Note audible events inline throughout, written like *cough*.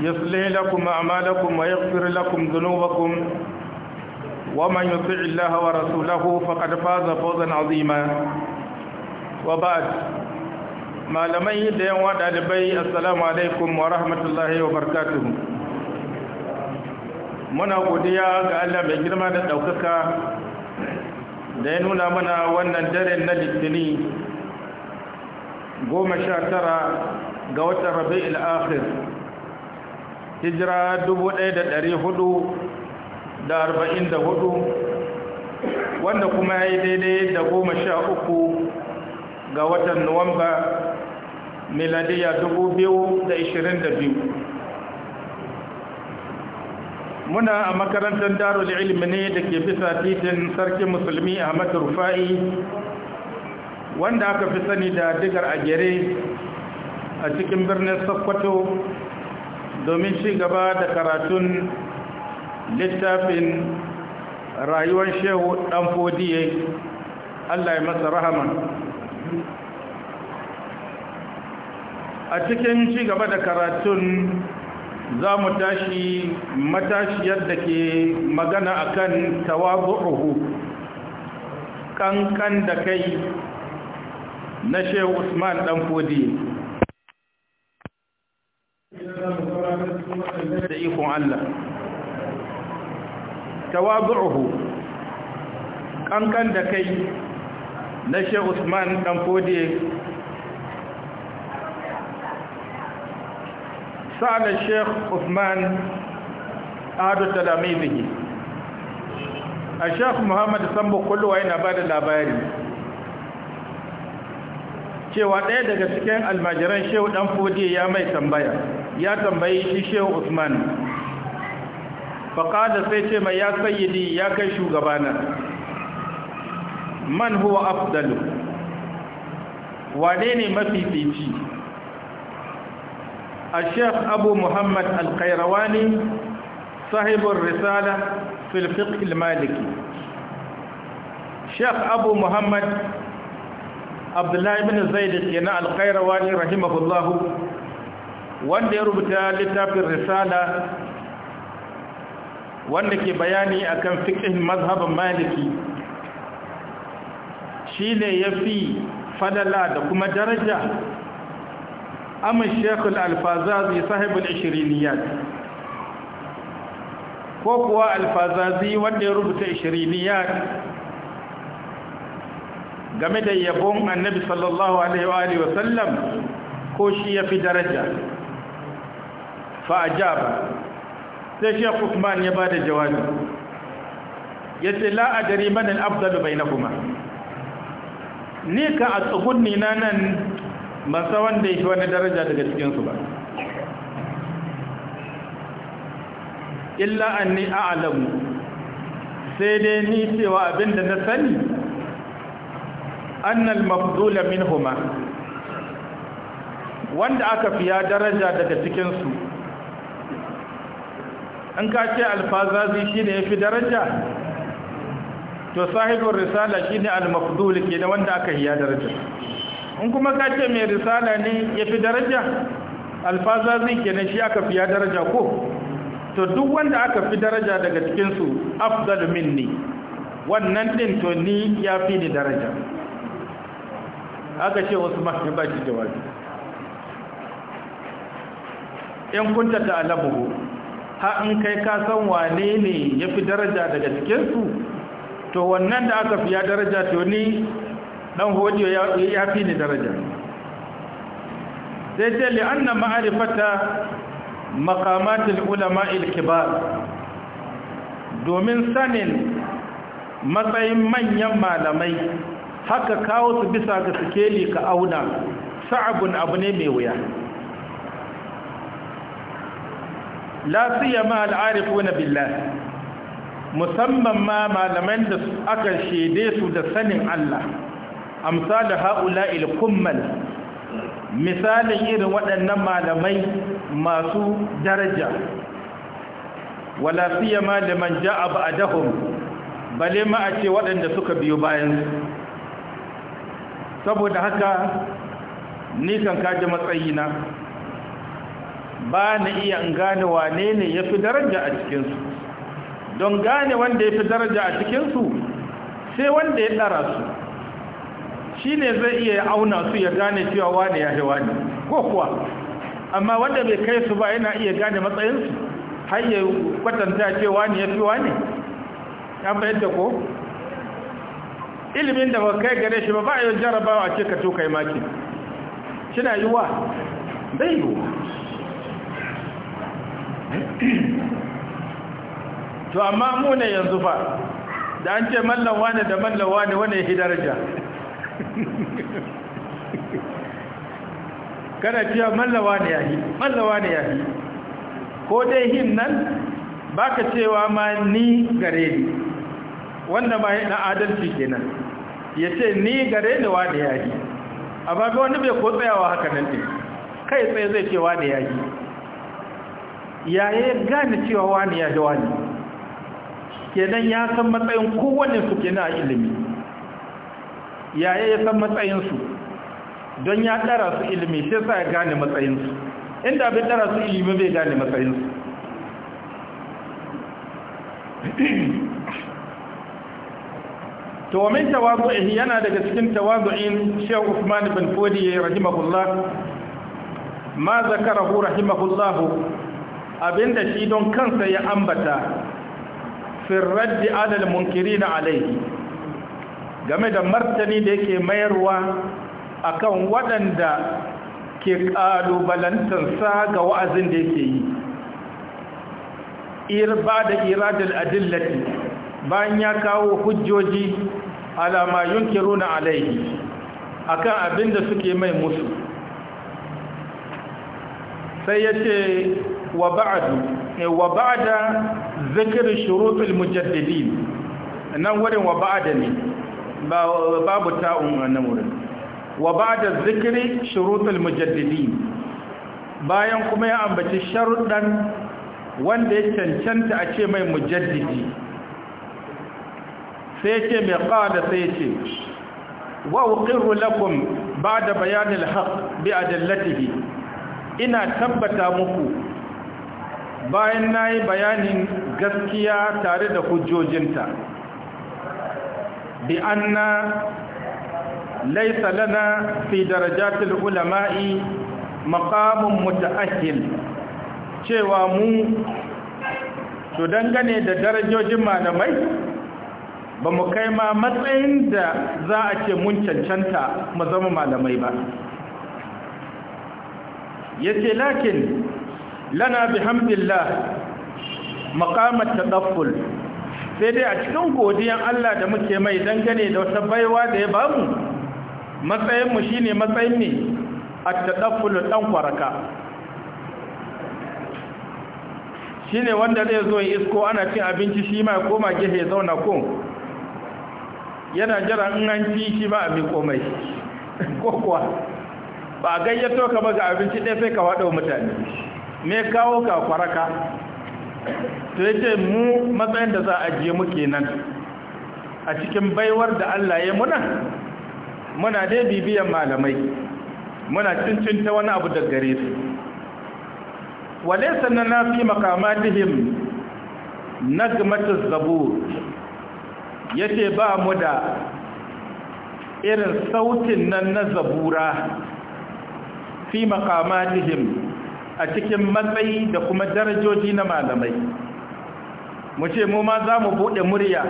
يصلح لكم أعمالكم ويغفر لكم ذنوبكم ومن يطع الله ورسوله فقد فاز فوزا عظيما وبعد ما لم يدين ودالبي السلام عليكم ورحمة الله وبركاته muna godiya ga Allah mai girma da ɗaukaka da ya nuna mana wannan daren na litini goma sha tara ga watan rabi'ul akhir hijira hudu wanda kuma ya yi daidai da goma sha uku ga watan nuwamba miladiya biyu. muna a makarantar darul ilimi ne da ke bisa titin sarkin musulmi ahmad rufa'i wanda aka fi sani da digar a gere a cikin birnin sokoto domin ci gaba da karatun littafin rayuwar shehu ɗan fodiye allah ya masa rahama a cikin ci gaba da karatun za mu tashi matashiyar da ke magana akan tawabu'uhu kankan da kai na shehu usman dan zama cikin da tawabu'uhu kankan da kai na Sheikh Usman dan Fodiye sa'ala Sheikh Usman adu talamizihi a Sheikh Muhammad Sambo kulluwa yana bada labari cewa ɗaya daga cikin almajiran Sheikh dan Fodiye ya mai tambaya ya tambayi shi shehu usman faƙada sai ce mai ya sayyidi ya kai shugabana man huwa afdalu wane ne mafifici a sheikh abu muhammad alkairawani sahibin risala filfiq ilmaliki Shek abu muhammad abdullahi bin zaid ke na alkairawani rahimahullahu wanda ya rubuta littafin risala wanda ke bayani akan fiqhin mazhaban maliki shine yafi fadala da kuma daraja amma Sheikh Al-Alfazazi sahib al-Ishriniyat ko kuwa Al-Fazazi wanda ya rubuta Ishriniyat game da yabon Annabi sallallahu alaihi wa wa sallam ko shi yafi daraja fa'ajaba sai shekh Uthman ya bada jawabi yace la adri man bai na kuma. ni ka a tsugunni na nan masa wanda ya yake wani daraja daga cikinsu su ba illa anni a'lamu sai dai ni cewa abinda na sani annal mabdula minhuma wanda aka fiya daraja daga cikinsu. An ka ce alfazazi shi ya fi daraja to sahibin risala shi ne al ke da wanda aka hiya daraja in kuma ka ce mai risala ne ya fi daraja alfazazi ke na shi aka fiya daraja ko to duk wanda aka fi daraja daga cikinsu afdal minni wannan din to ni ya fi ni daraja aka ce wasu mafi ba shi jawabi in kunta ta'lamuhu Ha in kai ka san wane ne ya fi daraja daga cikinsu to wannan da aka ya daraja to ni dan hodiyo ya fi ni daraja sai ce li'anna ma'arifata makamatin ulama ilkibar domin sanin matsayin manyan malamai haka kawo su bisa ga sikeli ka auna sa'abun abu ne mai wuya la siyama na billah musamman ma malaman da aka shaide su da sanin Allah amsal haula ilkummal misalin irin waɗannan malamai masu daraja wala siyama liman a ba'dahum bale ma a ce waɗanda suka biyo bayan saboda haka nisan kan matsayi na. ba na iya in gane wane ne ya fi daraja a cikinsu don gane wanda ya fi daraja a cikinsu sai wanda ya dara su shi ne zai iya auna su ya gane cewa wane ya hewa ne ko kuwa amma wanda bai kai su ba yana iya gane matsayinsu har ya kwatanta cewa ne ya fi wane ya bayyanta ko ilimin da ba kai gare shi ba ba a yi jarabawa ce ka to kai maki shi na wa zai wa *clears throat* to amma mu ne yanzu fa da an ce mallan wane da mallan wane wane ya daraja *laughs* kada cewa mallan wane ya yi mallan wane ya yi ko dai hin nan baka cewa ma ni gare ni wanda ma yana adalci kenan ya ce ni gare ni wane ya yi amma ga wani bai ko tsayawa haka nan ne kai tsaye zai ce wane ya yi yaya gane cewa wani ya wani kenan ya san matsayin kowane su ke a ilimi yaya ya san matsayinsu don ya ɗara su ilimi sai sa ya gane matsayinsu inda bai ɗara su ilimi bai gane matsayinsu to min yana daga cikin tawazu'in Sheikh Usman bin Fodi rahimahullah ma zakarahu rahimahullah abinda shi don kansa ya ambata da alal munkiri na alaihi game da martani da yake mayarwa akan waɗanda ke ƙalubalantarsa ga wa'azin da yake yi ba da iradar adillati bayan ya kawo hujjoji alama yunkiru na alaihi akan abin da suke mai musu sai ya ce Wa وبعد وبعد ذكر شروط mujaddidin. nan wurin wa ba'da ne babu ta'un nan wurin wa ba'da zikri shurutul mujaddidin bayan kuma ya ambaci sharuɗan wanda ya cancanta a ce mai mujaddidi sai ce mai qala sai ce wa uqirru lakum ba'da bayanil haqq bi adillatihi ina tabbata muku bayan na yi bayanin gaskiya tare da hujjojinta bi na, laisa lana fi darajatul ulama'i makamun muta'ahil cewa mu to dangane da darajojin malamai ba mu kai ma matsayin da za a ce mun cancanta mu zama malamai ba yace lakin lana hamdillah maqamat tadafful sai dai a cikin godiyan Allah da muke mai dangane da wata baiwa da ya bamu matsayinmu mu shine matsayin ne a taɗaffulun dan kwaraka shi wanda zai zo isko ana cin abinci shi ma koma gehe zauna ko yana jira in an ci shi a abin komai *laughs* ko kuwa ba gayyato ka ba ga abinci ɗaya sai ka waɗo mutane me kawo ka kwaraka to yace mu matsayin da za a ajiye mu kenan a cikin baiwar da Allah ya muna muna dai bibiyan malamai muna cincin ta wani abu da gare su walaysa na fi maqamatihim nagmatuz zabur yace ba mu da irin sautin nan na zabura fi maqamatihim a cikin matsayi da kuma darajoji na malamai mu ce mu ma za mu buɗe murya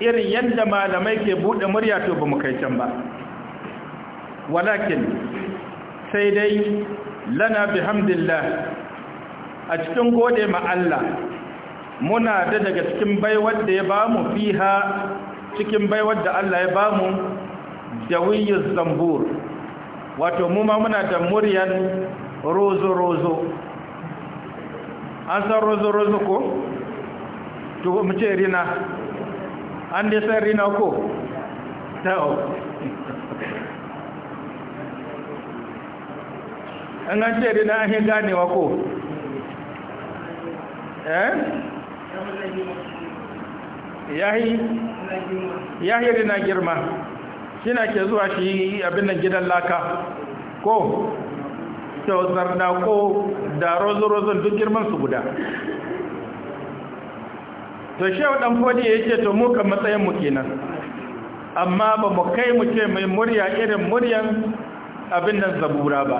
irin yadda malamai ke buɗe murya to ba mu kai can ba walakin sai dai lana hamdillah. a cikin gode ma Allah muna da daga cikin baiwar da ya bamu fiha cikin baiwar da Allah ya bamu mu, zambur wato mu ma muna da muryan rozo-rozo an san rozo-rozo ko? to mu ce rina an dai san rina ko? ta'o an an ce rina an yi ganewa ko? eh? yahi yahi rina girma kina ke zuwa shi abin nan gidan laka ko to ko da rozo-rozon duk girman su guda to shehu dan fodi ya ce to mu kan matsayin mu kenan amma ba mu kai mu ce mai murya irin muryan abin nan zabura ba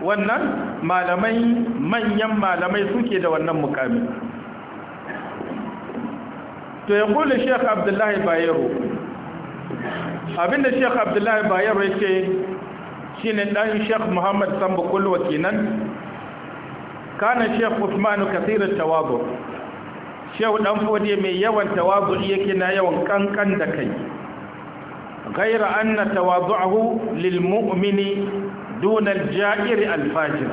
wannan malamai manyan malamai suke da wannan mukami to ya kula shekha abdullahi bayero abinda sheikh abdullahi bayero ya ce shi ne ɗan sheikh muhammad sambu kulwa kenan kana sheikh usman kasirin tawazu shehu ɗan fodiyo mai yawan tawazu yake na yawan kankan da kai lil mu'mini duna al دون al fajir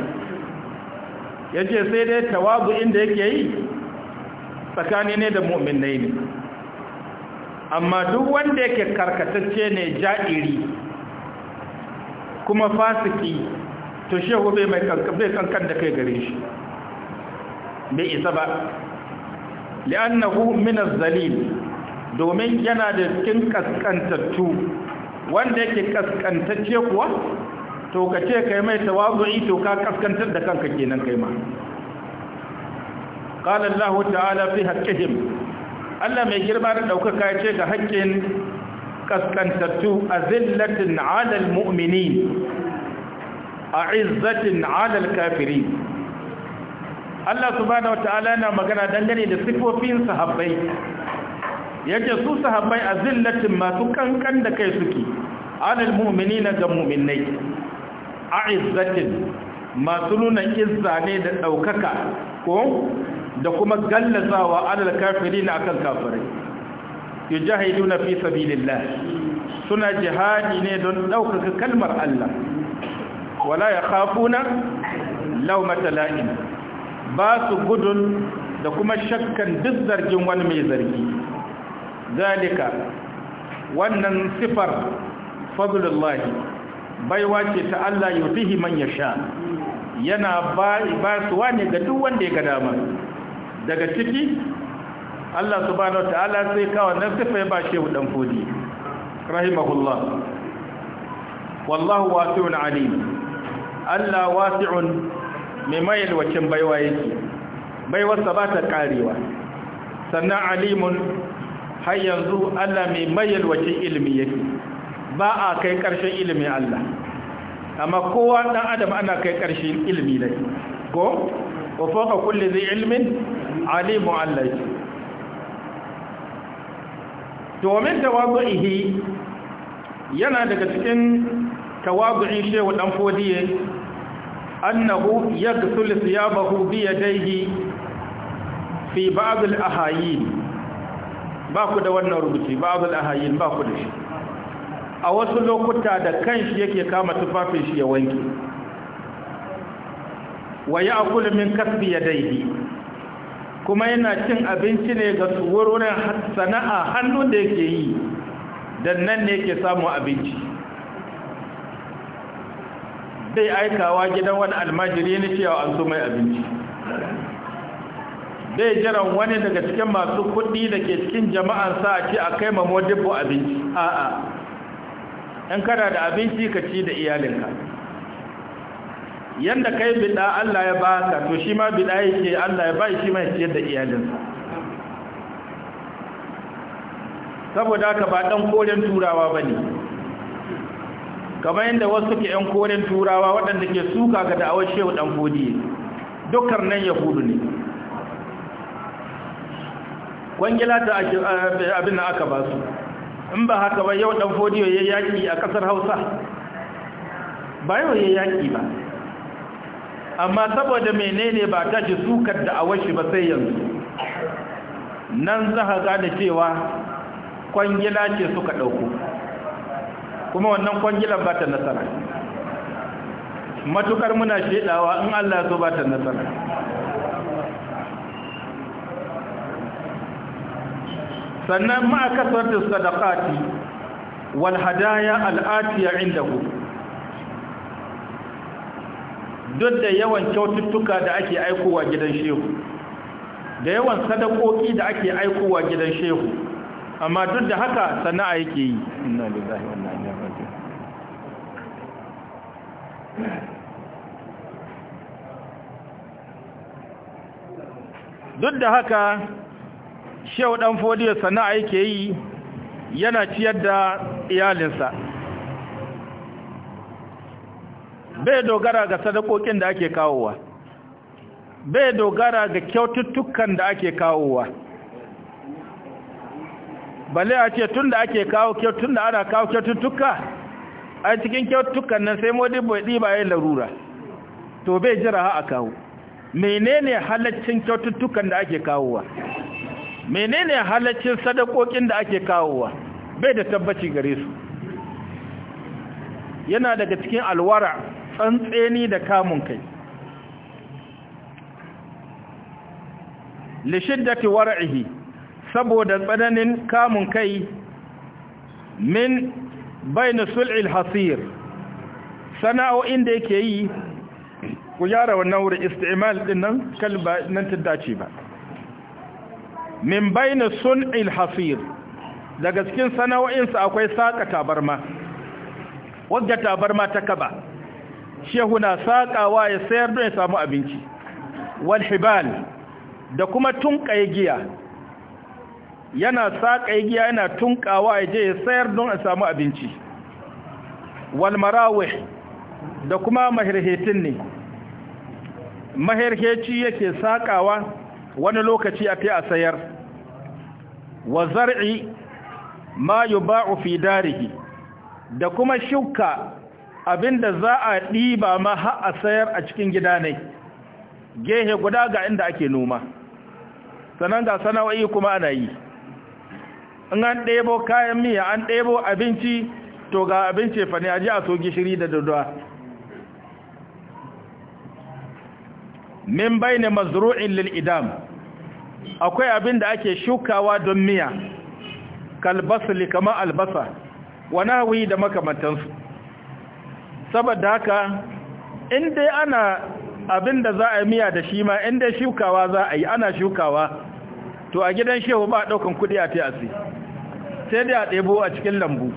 yaje sai dai tawazu inda yake yi tsakani ne da mu'minai ne amma duk wanda yake karkatacce ne ja'iri kuma fasiki to shehu bai mai kankan da kai gare shi bai isa ba li'annahu min az-zalil domin yana da cikin kaskantattu wanda yake kaskantacce kuwa to ka ce kai mai tawazu'i to ka kaskantar da kanka kenan kai ma qala Allah ta'ala fi haqqihim Allah mai girma da ɗaukaka ya ce ga haƙƙin kaskantattu a zillatin alal mu'mini a izzatin alal kafiri Allah subhanahu wata'ala na magana dangane da siffofin sahabbai yake su sahabbai a zillatin masu kankan da kai suke alal mu'mini na ga mu'minai a izzatin masu nuna izza ne da ɗaukaka ko da kuma gallazawa alal kafirin akan kafirai yujahiduna fi sabilillah suna jihadi ne don ɗaukaka kalmar Allah wala ya khafuna laumata la'im ba su gudun da kuma shakkan duk zargin wani mai zargi zalika wannan sifar fadlullahi baiwa ce ta Allah yutihi man yasha yana ba su wani ga duk wanda ya ga dama daga ciki Allah subhanahu ta'ala sai kawo nan sifa ya ba shehu dan fodi rahimahullah wallahu wasi'un alim Allah wasi'un mai mayar wacin baiwa yake baiwarsa ba ta karewa sannan alimun har yanzu Allah mai mayar wacin ilimi yake ba a kai ƙarshen ilimin Allah amma kowa ɗan adam ana kai ƙarshen ilimi ne ko wa fawqa kulli dhi ilmin alimu Allah domin tawadu'ihi yana daga cikin tawadu'in shehu dan fodiye annahu yaghsul thiyabahu bi yadayhi fi ba'd al-ahayin ba ku da wannan rubuci ba'd al-ahayin ba ku da shi a wasu lokuta da kanshi yake kama tufafin shi ya wanke wa ya ya'kulu min kasbi yadayhi kuma yana cin abinci ne ga wurin sana'a hannun da yake yi dan nan ne yake samu abinci bai aikawa gidan wani almajiri ne cewa an zo mai abinci bai jiran wani daga cikin masu kuɗi da ke cikin jama'ansa a ce a kai mamodibu abinci a'a in kana da abinci ka ci da iyalinka yanda kai bida Allah ya baka to shi ma bida yake Allah ya bai shi ma ciyar da iyalinsa saboda ka ba dan koren turawa bane kamar yadda wasu ke yan koren turawa waɗanda ke suka ga da'awar shehu dan godi dukkan nan yahudu ne kwangila ta eh, abin da aka ba su in ba haka ba yau dan fodiyo ya yaki a kasar hausa ba yau ya yaki ba amma saboda menene ba ta ji sukar da awashi ba sai yanzu nan za a gane cewa kwangila ce suka ɗauko kuma wannan kwangilan ba ta nasara matukar muna shaidawa in Allah so ba ta nasara sannan ma'akasar da sadaqati wal hadaya al'atiya indahu duk da yawan kyaututtuka da ake aikowa gidan shehu da yawan sadakoki da ake aikowa gidan shehu amma duk da haka sana'a yake yi inna lillahi wa inna ilaihi raji'un duk da haka shehu dan fodiyo sana'a yake yi yana ciyar da iyalinsa bai dogara ga sadakokin da ake kawowa bai dogara ga kyaututtukan da ake kawowa bale a ce tun da ake kawo kyautun da ana kawo kyaututtuka a cikin kyaututtukan nan sai modi bai ɗiba yin larura to bai jira ha a kawo menene halaccin kyaututtukan da ake kawowa menene halaccin sadakokin da ake kawowa bai da tabbaci gare su yana daga cikin alwara tsantseni da kamun kai lishiddati war'ihi saboda tsananin kamun kai min baina sul'il hasir sana'o'in da yake yi ku yara wannan wurin istimal din nan kalba nan ta dace ba min baina sul'il hasir daga cikin sana'o'insa akwai saka tabarma wadda tabarma ta kaba shehu na saƙawa ya sayar don ya samu abinci walhibal da kuma tunkaye giya yana saƙa giya yana tunƙawa ya je ya sayar don a samu abinci walmarawih da kuma mahirhetin ne mahirheci yake saƙawa wani lokaci a a sayar wa zar'i ma yuba'u fi darihi da kuma shuka Abin da za a ɗiba ma har a sayar a cikin gida ne gehe guda ga inda ake noma sannan ga sana'o'i kuma ana yi in an ɗebo kayan miya an ɗebo abinci to ga abinci fane a ji a so gishiri da dodowa min bai ne mazru'in lil'idam akwai abin da ake shukawa don miya kalbasa kama albasa wani hawi da makamantansu saboda haka in dai ana abin da za a miya da shi ma in dai shukawa za a yi ana shukawa to a gidan shehu ba daukan kudi a tiyasi sai dai a ɗebo a cikin lambu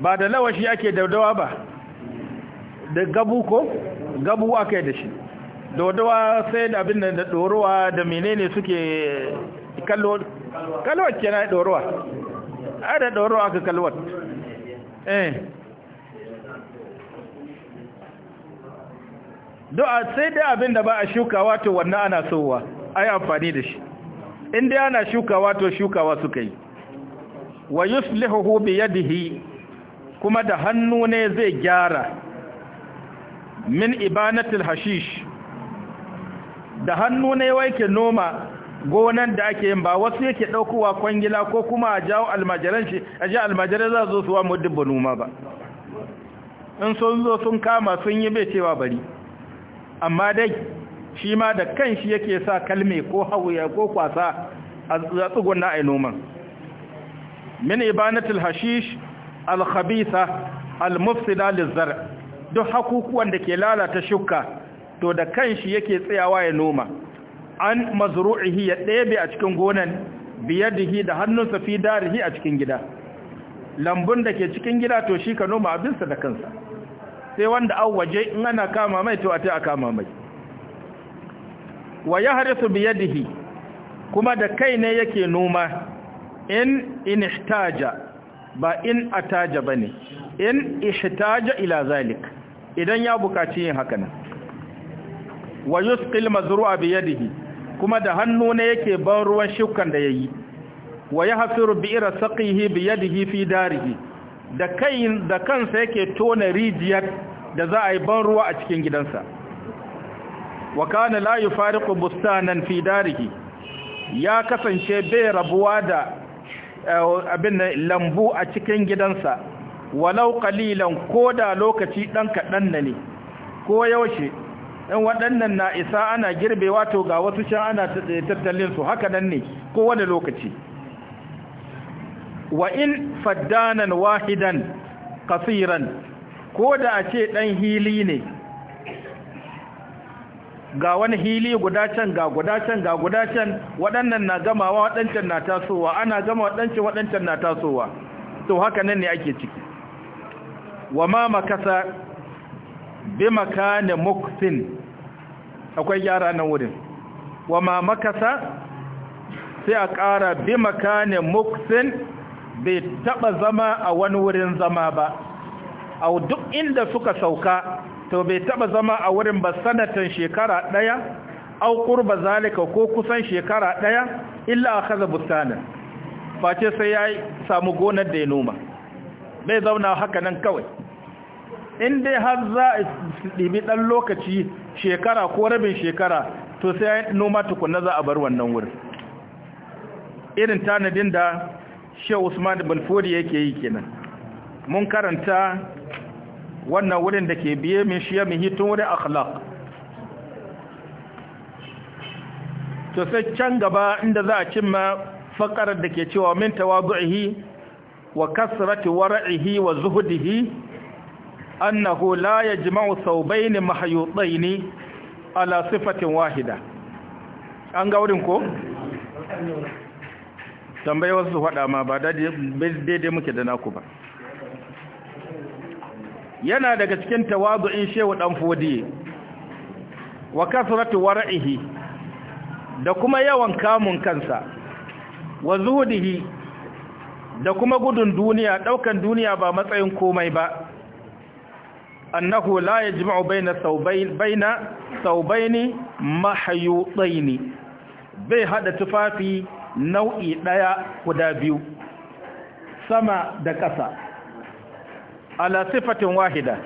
ba da lawashi ake daudawa ba da gabu ko gabu aka yi da shi daudawa sai da abin da ɗorowa da menene suke kallo kallo kenan ɗorowa a da ɗauro aka kalwat eh do'a sai dai abin da ba a shuka wato wannan ana sowa ai amfani da shi inda ana shuka wato shukawa suka yi wa yuslihu bi yadihi kuma da hannu ne zai gyara min ibanatil hashish da hannu ne wai ke noma gonan da ake yin ba wasu yake ɗaukowa kwangila ko kuma a jawo almajiran shi a ji almajiran za zo suwa muddin ba noma ba in sun zo sun kama sun yi mai cewa bari amma dai shi ma da kan shi yake sa kalme ko hauya ko kwasa a tsugun na ai noman min ibanatul hashish alhabisa khabitha al duk hakukuwan da ke lalata shukka to da kan shi yake tsayawa ya noma an mazru'ihi ya ɗebe a cikin gonan biyadihi da hannunsa fi darihi a cikin gida lambun da ke cikin gida to shi ka noma abinsa da kansa sai wanda an waje in ana kama mai to a ta kama mai wa ya harisu biyadihi kuma da kai ne yake noma in in ihtaja ba in ataja bane in ihtaja ila zalik idan ya bukaci yin haka nan wa yusqil mazru'a biyadihi kuma da hannu ne yake ban ruwan shukan da yayi wa bi ira saqihi bi yadihi fi darihi da kai da kansa yake tona rijiyar da za a yi ban ruwa a cikin gidansa wa kana la yufariqu bustanan fi darihi ya kasance bai rabuwa da eh, abin lambu a cikin gidansa walau qalilan da lokaci dan kadan ne ko yaushe ɗan waɗannan na isa ana girbe wato ga wasu can ana eh, tattalin su haka nan ne ko wani lokaci wa in faddanan wahidan kasiran ko da a ce ɗan hili ne ga wani hili guda can ga guda can ga guda can waɗannan na gamawa waɗancan na tasowa ana gama waɗancan waɗancan na tasowa to haka nan ne ake ciki wa ma makasa bi makanin muktin akwai gyara nan wurin wa ma makasa sai a ƙara bi makane muksin bai taɓa zama a wani wurin zama ba a duk inda suka sauka to bai taɓa zama a wurin ba sanatan shekara ɗaya au ƙurba zalika ko kusan shekara ɗaya illa a kaza bustanin face sai ya samu gonar da ya noma bai zauna haka nan kawai in dai har za a ɗibi ɗan lokaci shekara ko rabin shekara to sai ya noma tukunna za a bar wannan wurin irin tanadin da shehu usman bin fodi yake yi kenan mun karanta wannan wurin da ke biye min shiya min hitun wurin akhlaq to sai can gaba inda za a cimma fakarar da ke cewa min tawadu'ihi wa kasrati wara'ihi wa zuhudihi annahu la ya yajma'u thawbayn mahyutayn ala sifatin wahida an ga wurin ko Tambayi wasu faɗa ma ba daidai muke da naku ba yana daga cikin tawazu'in shehu dan fodi wa kasratu wara'ihi da kuma yawan kamun kansa wa zuhudihi da kuma gudun duniya ɗaukan duniya ba matsayin komai ba annahu la yajma'u baina thawbayn baina thawbayn mahyutayn bai hada tufafi nau'i ɗaya guda biyu sama da ƙasa ala sifatin wahida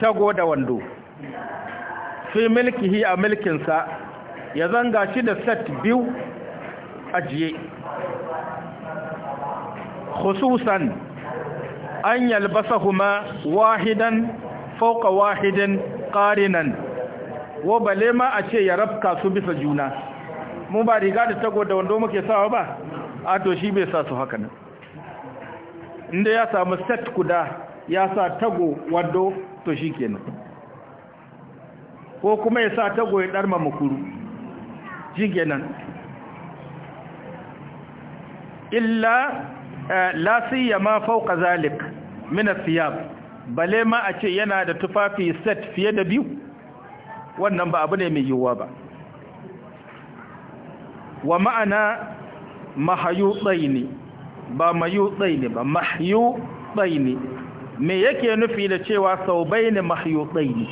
tago da wando fi milkihi a milkinsa ya zanga shi da set biyu ajiye khususan an huma wahidan fauka wahidan, karinan wa bale ma a ce ya rafka su bisa juna mu ba riga da tago da wando muke sawa ba a to shi bai sa su haka nan inda ya samu set guda ya sa tago wando to shi kenan ko kuma ya sa tago ya darma makuru shi kenan illa Eh, la ma fauka zalik mina athiyab bale ma a ce yana da tufafi set fiye da biyu wannan ba abu ne mai yiwuwa ba wa ma'ana tsaini ba tsaini ba tsaini me yake nufi da cewa sau mahayu tsaini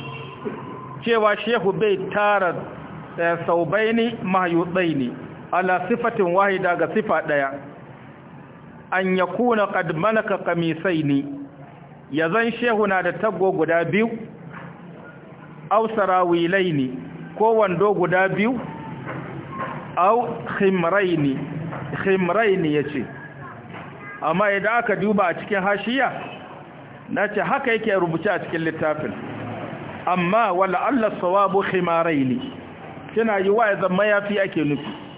cewa shehu bai tara eh, sau mahayu tsaini ala sifatin wahida ga sifa daya an ya kuna malaka ƙamisai ne ya zan shehu na da taggo guda biyu au sarawilai ne ko wando guda biyu au khimrai ne yace ne ya ce amma idan aka duba a cikin hashiya na ce haka yake rubuce a cikin littafin amma wala Allah sawabu himarai ne kina yi wa ya zama fi ake nufi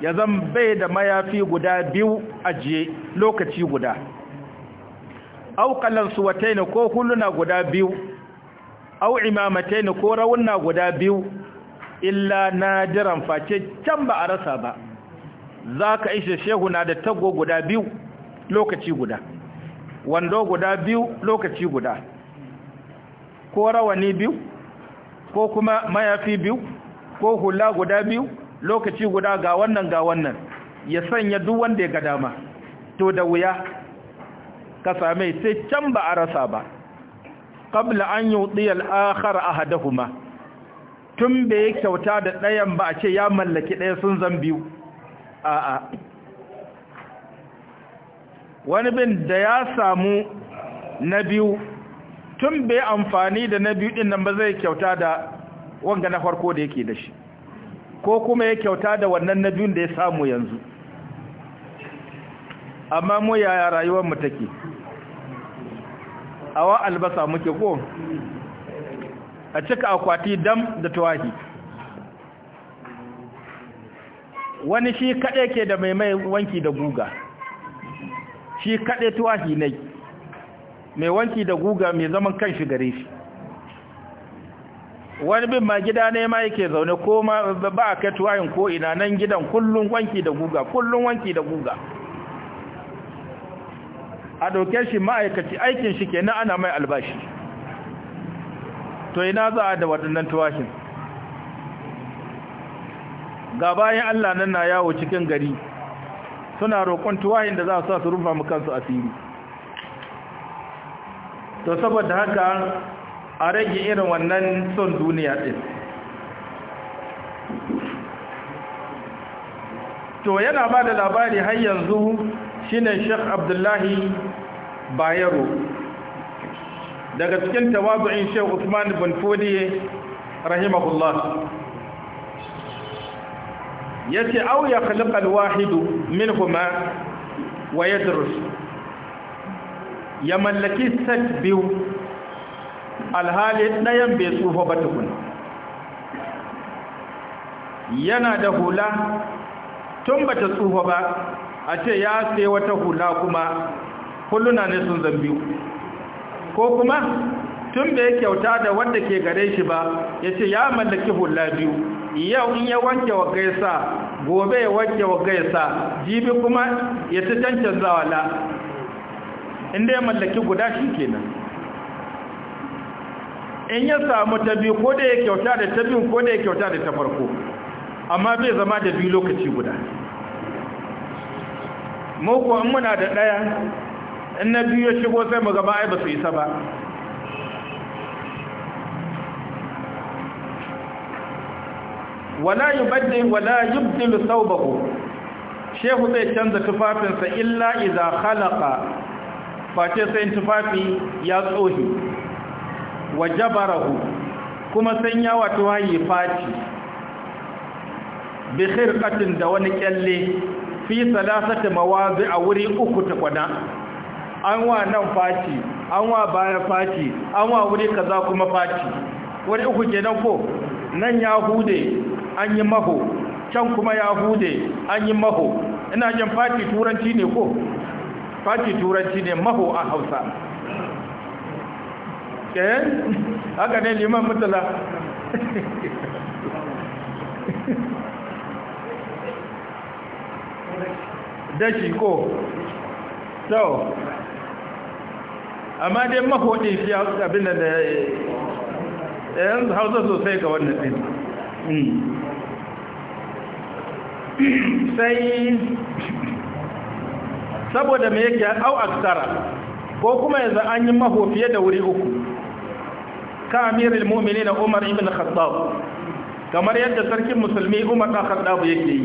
ya zan bai da mayafi guda biyu ajiye lokaci guda su suwatai ne ko huluna guda biyu au imamatai ne ko rauna guda biyu illa na jiran face can ba a rasa ba za ka ishe shehu na da tago guda biyu lokaci guda wando guda biyu lokaci guda ko rawani biyu ko kuma mayafi biyu ko hula guda biyu lokaci guda ga wannan ga wannan ya sanya duk wanda ya ga dama to da wuya ka same sai can ba a rasa ba kabla an yudi al-akhar ahaduhuma tun bai kyauta da ɗayan ba a ce ya mallaki ɗaya sun zan biyu a'a wani bin da ya samu na biyu tun bai amfani da na biyu ɗin nan ba zai kyauta da wanga na farko da yake da shi ko kuma ya kyauta da wannan na biyun da ya samu yanzu amma mu yaya rayuwar mu take awa albasa muke ko a cika akwati dam da tuwahi wani shi kaɗe ke da mai wanki da guga shi kaɗe tuwahi ne mai wanki da guga mai zaman kan shi gare shi wani bin ma gida ne ma yake zaune ko ma ba a kai tuwayin ko ina nan gidan kullum wanki da guga kullum wanki da guga a doke shi ma'aikaci aikin shi ke kenan ana mai albashi to ina za a da waɗannan tuwashin ga bayan Allah nan na yawo cikin gari suna roƙon tuwayin da za su sa su rufa mu kansu asiri to saboda haka a rage irin wannan son duniya ɗin to yana ba da labari har yanzu shine sheikh abdullahi bayero daga cikin tawazu'in sheikh usman bin fodi rahimahullah ya ce au ya khaliƙa wahidu min huma wa ya ya mallaki set biyu alhali ɗayan bai tsufa ba tukuna yana da hula tun ba ta tsufa ba a ce ya sai wata hula kuma huluna ne sun biyu. ko kuma tun bai kyauta da wanda ke gare shi ba ya ce ya mallaki hula biyu yau in ya wanke wa gaisa gobe ya wanke wa gaisa jibi kuma ya ci cancanzawa zawala inda ya mallaki guda shi kenan in ya samu ta biyu ko da ya kyauta da ta biyu ko da ya kyauta da ta farko amma bai zama da biyu lokaci guda mako an muna da ɗaya in na biyu ya shigo sai mu gaba ai ba su isa ba wala yubaddi wala yubdilu thawbahu shehu zai canza tufafinsa illa idza khalaqa face sai tufafi ya tsohi wajabarahu kuma kuma sanya wa tuwayi fati. bi khirqatin da wani kyalle fi salasati mawazi a wuri uku ta kwana an wa nan fati, an wa baya fati, an wa wuri kaza kuma fati. wani uku kenan ko nan ya hude an yi maho can kuma ya hude an yi maho ina jin fati turanci ne ko fati turanci ne maho a hausa ke haka ne liman mutala dashi ko so amma dai mahoɗi shi abin da eh, eh, yan hausa sosai ga wannan ɗin hmm. sai saboda mai yake au aksara ko kuma yanzu an yi maho fiye da wuri uku كامير المؤمنين عمر بن الخطاب كما يد سرك مسلمي عمر بن الخطاب يكي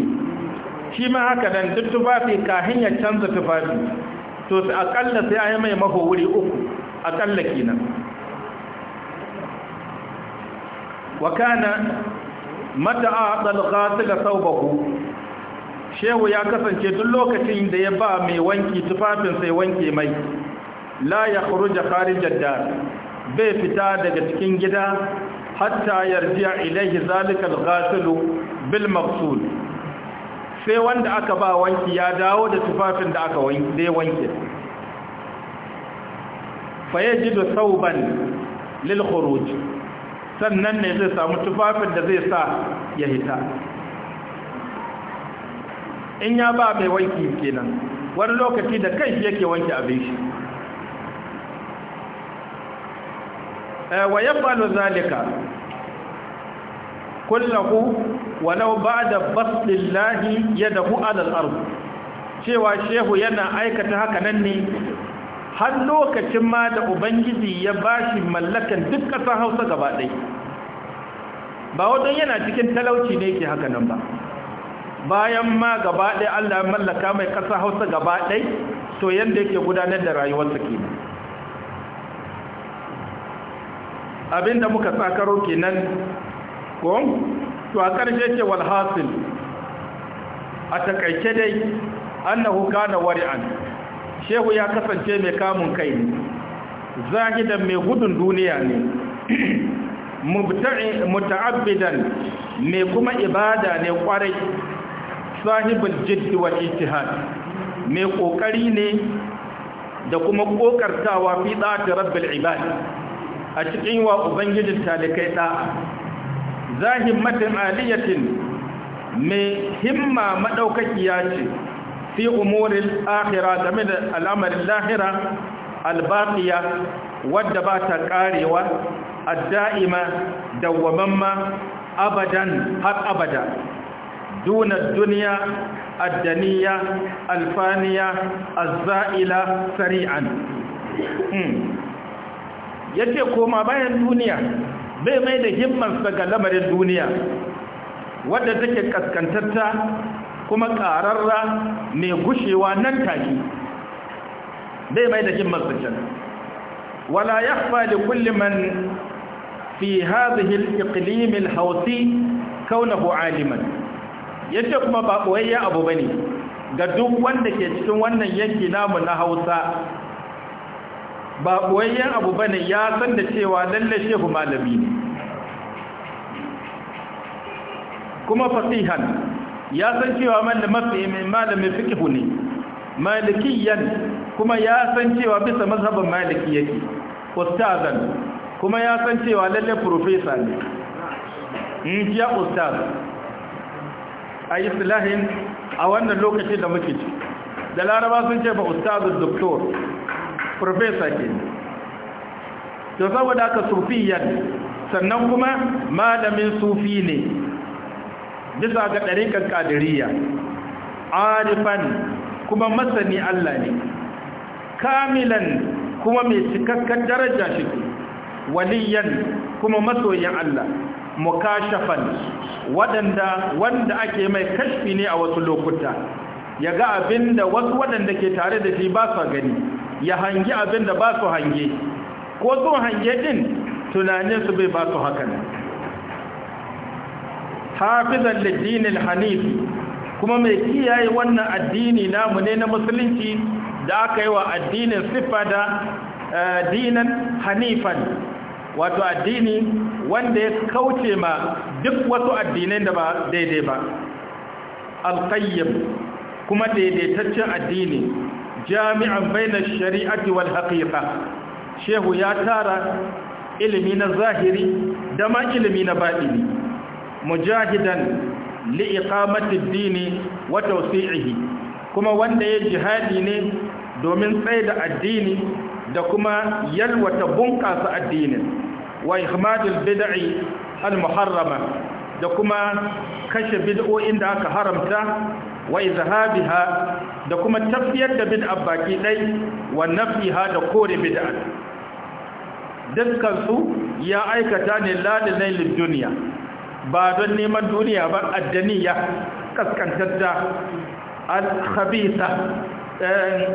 شما هكذا تتبع في كاهنية شانزة تفادي توس أقل سيائم يمهو ولي أخو أقل كينا وكان متى أعطى القاتل ثوبه شيخ يا كسن شيخ اللوكة عند يبا مي وانكي تفافن سي وانكي مي لا يخرج خارج الدار bai fita daga cikin gida hatta yarjiya ilaihi zalikal ghasilu bil maqsul sai wanda aka ba wanki ya dawo da tufafin da aka wanki dai wanke fa yajidu thawban lil khuruj sannan ne zai samu tufafin da zai sa ya hita in ya ba mai wanki kenan wani lokaci da kai yake wanke abin shi Eh, wa yaf'alu zalika kullahu walau ba'da basdillahi yadahu 'ala al-ard cewa shehu yana aikata haka nan ne har lokacin ma da ubangiji ya bashi mallakan duk ƙasa Hausa gaba ɗaya ba wajen yana cikin talauci ne ke haka nan ba bayan ma gaba ɗaya Allah ya mallaka mai ƙasa Hausa gaba ɗaya to yanda yake gudanar da rayuwarsa kenan Abin da muka tsakaro kenan ko to a karshe ce walhasil a takaice dai annahu kana wari'an shehu ya kasance mai kamun kai ne zahidan mai gudun duniya ne *clears throat* muta'abbidan mai kuma ibada ne kwarai sahibul jiddi wal ijtihad mai kokari ne da kuma kokartawa fi da'ati rabbil ibad a cikin wa ubangijin talikai da zahin matan aliyatin mai himma maɗaukakiya ce fi umurin ahira game da al'amarin lahira albaqiya wadda ba ta karewa da'ima dawwamamma abadan har abada دون الدنيا alfaniya, الفانية الزائلة سريعا ya ce koma bayan duniya bai mai da himmarsa ga lamarin duniya wadda take kaskantatta kuma ƙararra mai gushewa nan take bai mai da himmarsa can wala ya da kulliman fi hazihi al-iqlim al-hausi kaunahu aliman yace kuma ba koyayya abu bane ga duk wanda ke cikin wannan yanki namu na Hausa ba boyayyen abu bane ya san da cewa lalle shehu malami ne kuma fasihan ya san cewa malami fikihu ne malikiyan kuma ya san cewa bisa mazhabin maliki yake ustazan kuma ya san cewa lalle profesa ne in ya ustaz a islahin a wannan lokacin da muke ci da laraba sun ce ba ustazun doktor profesa ke to saboda ka sufiyan sannan kuma malamin sufi ne bisa ga ɗariƙar ƙadiriya arifan kuma masani Allah ne kamilan kuma mai cikakken daraja shi waliyan kuma masoyin Allah mukashafan waɗanda wanda ake mai kashfi ne a wasu lokuta ya ga abin da wasu waɗanda ke tare da shi ba sa gani ya hangi abin da ba su hange ko su hange din tunanin su bai ba su hakan hafizan lidinin hanif kuma mai kiyaye wannan addini namu ne na musulunci da aka yi wa addinin siffa da eh, dinan hanifan wato addini wanda ya kauce ma duk wasu addinai da ba daidai ba alƙayyar kuma daidaitaccen addini jami'an bainar shari'ati wal haqiqa shehu ya tara ilimi na zahiri da ma ilimi na batini mujahidan li dini wa tawsi'ihi kuma wanda ya jihadi ne domin tsaida addini da kuma yalwata bunƙasa addinin wa ihmadul bid'i al-muharrama da kuma kashe bid'o'in da aka haramta wa izhabiha da kuma tafiyar da bid'a baki ɗai wa nafiha da kore bid'a dukkan su ya aikata ne ladinai duniya. ba don neman duniya ba addaniya kaskantarta al-khabitha eh,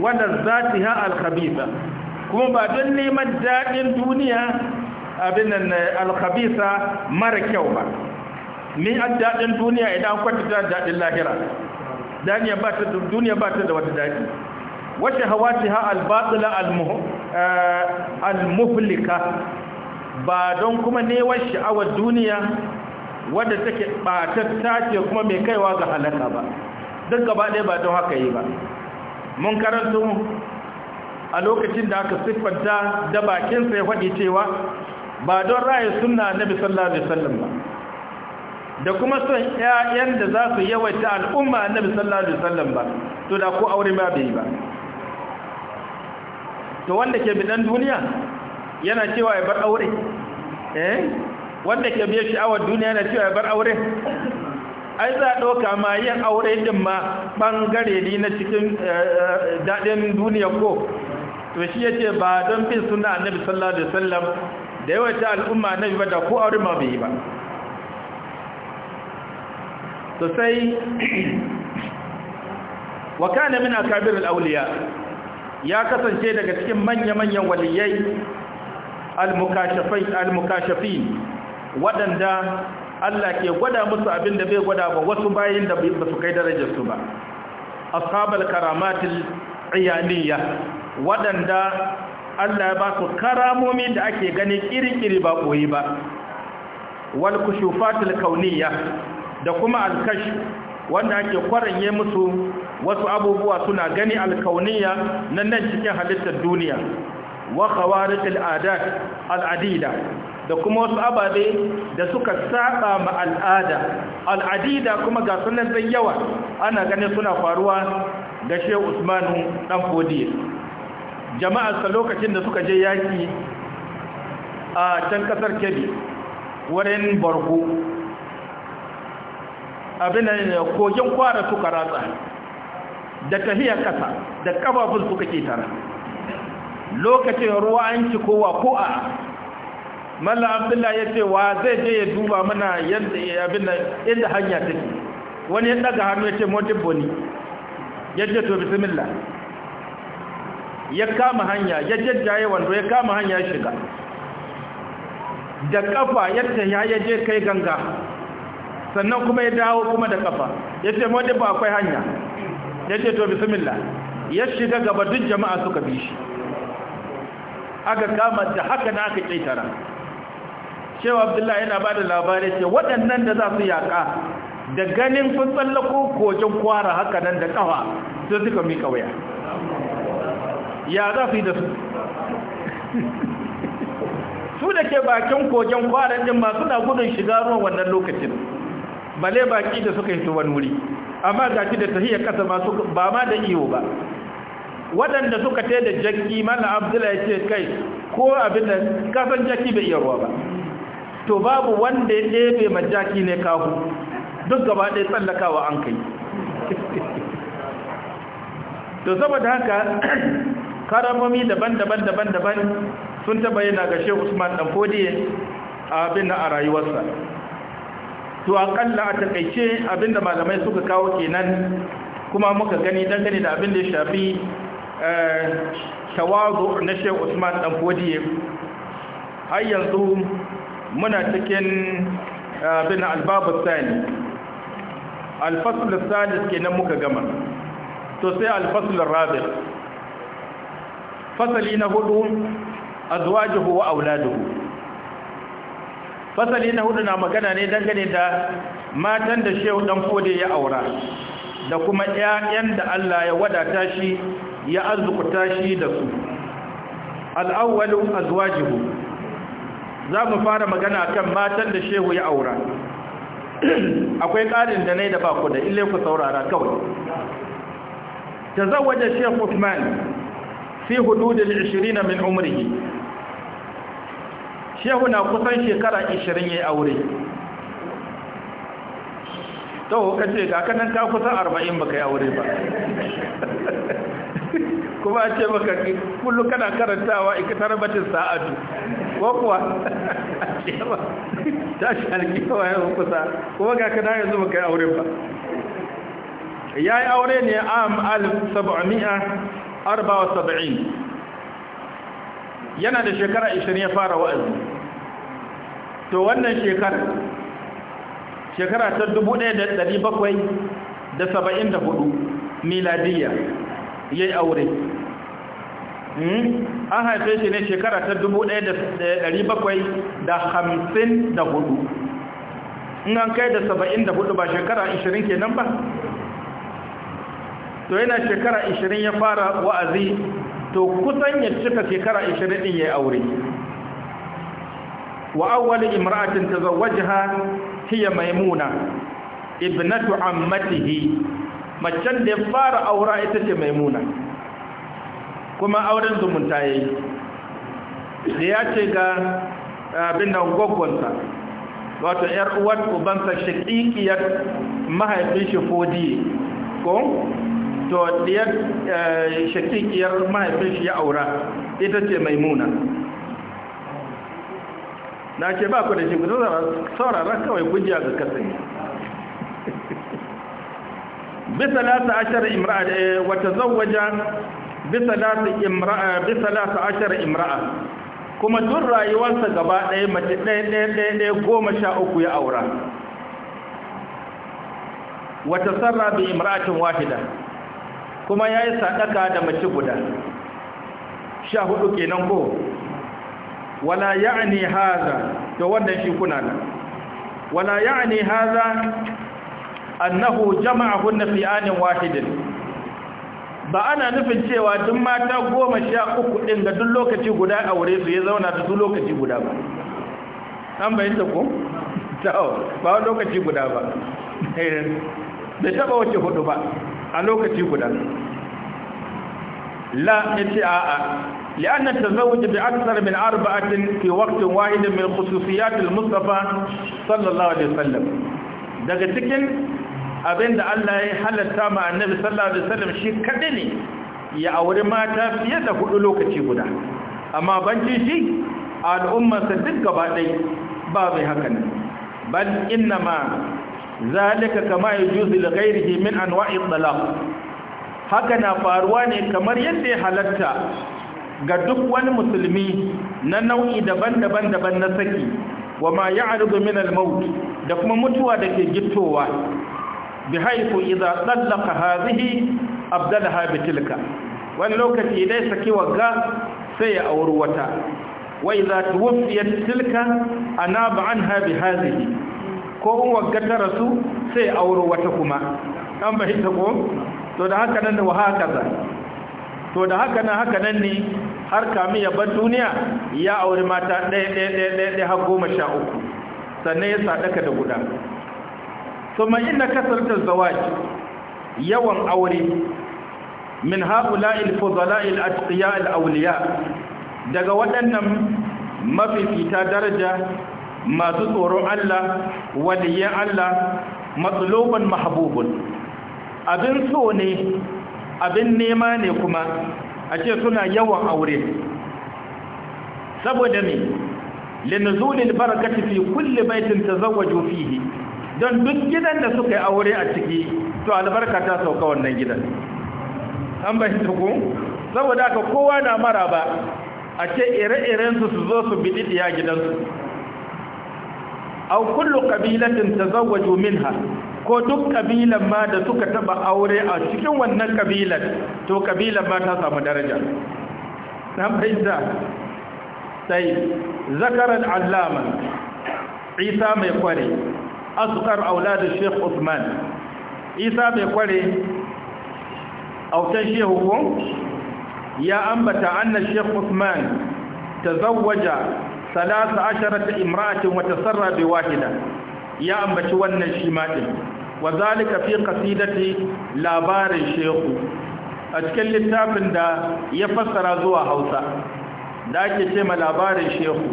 wanda zatiha al-khabitha kuma ba don neman daɗin duniya abin nan eh, al-khabitha mara kyau ba ni an daɗin duniya idan kwatanta daɗin lahira duniya ba ta duniya ba ta da wata dadi wa hawa al-batila al-muhlika eh, ba don kuma newar sha'awar duniya wadda take ta ce kuma mai kaiwa ga halaka ba duk gaba ɗaya ba don haka yi ba mun mu a lokacin da aka siffanta da bakinsa ya faɗi cewa ba don ra'ayi sunna nabi sallallahu alaihi wasallam ba da kuma son ƴaƴan da za su yawaita al'umma nabi sallallahu alaihi wasallam ba to da ko aure ba bai ba to wanda ke bidan duniya yana cewa ya bar aure eh wanda ke biye sha'awar duniya yana cewa ya bar aure ai za a ɗauka ma yin aure din ma ɓangare ne na cikin eh, daɗin duniya ko to shi ya ce ba don bin suna annabi sallallahu alaihi wasallam da yawaita al'umma annabi ba da ko aure ma bai yi ba sosai wa kana min akabir al ya kasance daga cikin manya-manyan waliyai al-mukashafai al Allah ke gwada musu abin da bai gwada ba wasu bayin da ba su kai darajar su ba ashabal karamatil iyaniya wadanda Allah ya ba su karamomi da ake gani kiri ba koyi ba wal kushufatil kauniyya da kuma alkashi wanda ake kwaranye musu wasu abubuwa suna gani alkauniya nan nan cikin halittar duniya wa khawarij al'adat al'adida da kuma wasu ababe da suka saba ma al'ada al'adida kuma ga sunan zai yawa ana ganin suna faruwa ga shehu usmanu dan fodiye jama'arsa lokacin da suka je yaki a can kasar kebbi wurin borgo abin kogin kwara suka ratsa da tahiyar ƙasa da ƙababin suka ke tara lokacin ruwa an ci kowa ko a malla abdullah ya ce wa zai je ya duba mana yanda abin inda hanya take wani ya daga hannu ya ce motin boni ya ce to bismillah ya kama hanya ya jajjaye wando ya kama hanya ya shiga da kafa yadda ya je kai ganga sannan kuma ya dawo kuma da kafa ya ce mawadda ba akwai hanya ya ce to bismillah ya shiga gaba duk jama'a suka bi shi aka kama da haka na aka ƙetara cewa abdullahi yana ba da labarai ce waɗannan da za su yaƙa da ganin sun tsallako kogin kwara haka nan da ƙawa sun suka mi ƙawaya ya za su yi da su *laughs* su da ke bakin kogin kwara ɗin masu na gudun shiga ruwan wannan lokacin bale baki da suka hito wani wuri amma ga da tahiyar kasa ma ba ma da iyo ba waɗanda suka te da jakki mana abdula ya ce kai ko abin da kasan jakki bai iya ruwa ba to babu wanda ya ɗebe ma jaki ne kahu duk gaba ɗaya tsallakawa an kai to saboda haka *clears throat* karamomi daban-daban daban-daban sun taɓa yana ga shehu usman ɗan fodiye abin a rayuwarsa to kalla a takaice abinda malamai suka kawo kenan kuma muka gani gani da abin da ya shafi eh, tawazu na Sheikh Usman dan Fodiye har yanzu muna cikin eh, bin albabu sani alfasul salis kenan muka gama to sai alfasul rabi fasali na hudu azwajuhu wa auladuhu fasali na hudu na magana ne dangane da matan da shehu dan kode ya aura da kuma ƴaƴan da Allah ya wadata shi ya arzukuta shi da su al-awwalu azwajuhu za mu fara magana akan matan da shehu ya aura akwai ƙarin da ne da ba ku da ille ku saurara kawai tazawwaja shehu Uthman fi hududi 20 min umrihi shehu na kusan shekara 20 ya aure to ka ce kanan ta kusan 40 baka yi aure ba *laughs* kuma a ce maka kullu kana karantawa ikitar batin sa'adu ko kuwa *laughs* ta shi alkiyawa ya kusa kuma ga kana yanzu baka yi aure ba ya yi aure ne am al saba'ami'a yana da shekara 20 ya fara wa'azi to wannan shekara shekara ta 1774 miladiya yi aure hmm? an haife shi ne shekara ta 1754 in an kai da 74 ba shekara 20 kenan ba to yana shekara 20 ya fara wa'azi to kusan ya cika shekara 20 din ya yi aure wa awwal imra'atin tazawwajaha hiya maimuna ibnatu ammatihi macen da fara aura ita ce maimuna kuma auren zumunta yayi da ya ce ga eh, abin da gogonta wato ‘yar uwar ubansa shaƙiƙiyar mahaifin shi fodi ko to ɗiyar eh, shaƙiƙiyar mahaifin shi ya aura ita ce maimuna na ce ba ku da shi ku sauraron kawai kujiya ga kasani bisa lati ashar imra'a eh, wata zawaja bisa lati ashar imra'a kuma duk rayuwarsa gaba ɗaya mace ɗaya ɗaya ɗaya goma sha uku ya aura wata sarra bi imra'atin wahida kuma ya yi sadaka da mace guda sha hudu kenan ko wala ya'ni haza to wannan shi kuna nan wala ya'ni haza annahu jama'ahun fi anin wahidin ba ana nufin cewa duk mata goma sha uku din ga duk lokaci guda aure su ya zauna da duk lokaci guda ba an bayyanta ko ba lokaci guda ba da taba wace hudu ba a lokaci guda la ita a'a لأن التزوج بأكثر من أربعة في وقت واحد من خصوصيات المصطفى صلى الله عليه وسلم daga cikin abin da Allah ya halatta ma annabi sallallahu shi kaɗai ne ya auri mata fiye da huɗu lokaci guda amma banci shi al'ummarsa duk gaba ba mai haka ne bal inna ma zalika kama yajuzu li ghairihi min anwa'i talaq haka na faruwa ne kamar yadda ya halatta ga duk wani musulmi na nau'i daban-daban daban na saki wa ma ya'ridu min al-maut da kuma mutuwa da ke gittowa bi haifu idza tallaqa hadhihi abdalaha bi tilka wani lokaci dai saki wagga sai ya auri wata wa idza tuwfiyat tilka anaba anha bi hadhihi ko in wagga ta rasu sai auri wata kuma an bai ko to da haka nan da haka to da haka nan haka nan ne har kamin ya bar duniya ya auri mata ɗaya ɗaya ɗaya ɗaya ɗaya har goma sha uku sannan ya saɗaka da guda kuma kasar ta zawaj yawan aure min haula'il fudala'il atqiya'il awliya daga waɗannan mafifita daraja masu tsoron Allah waliyan Allah matsalobin mahabubun abin so ne abin nema ne kuma a ce suna yawan aure saboda me linzulil barakati fi kulli baitin tazawwaju fihi don duk gidan da suka yi aure a ciki to albarka ta sauka wannan gidan an bai tuku saboda aka kowa na mara ba, a ce ire-iren su su zo su bi diya gidansu aw kullu qabilatin tazawwaju minha ko duk kabilan ma da suka taba aure a cikin wannan kabilan to kabilan ma ta samu daraja na fahimta sai zakaran allama isa mai kware asukar auladun sheikh usman isa mai kware autan shehu ko ya ambata anna sheikh usman tazawwaja salasa asharata imra'atin imratin wata bi wahida ya ambaci wannan shi ma wa zalika fi qasidati labarin shehu a cikin littafin da ya fassara zuwa Hausa da ake ce ma labarin shehu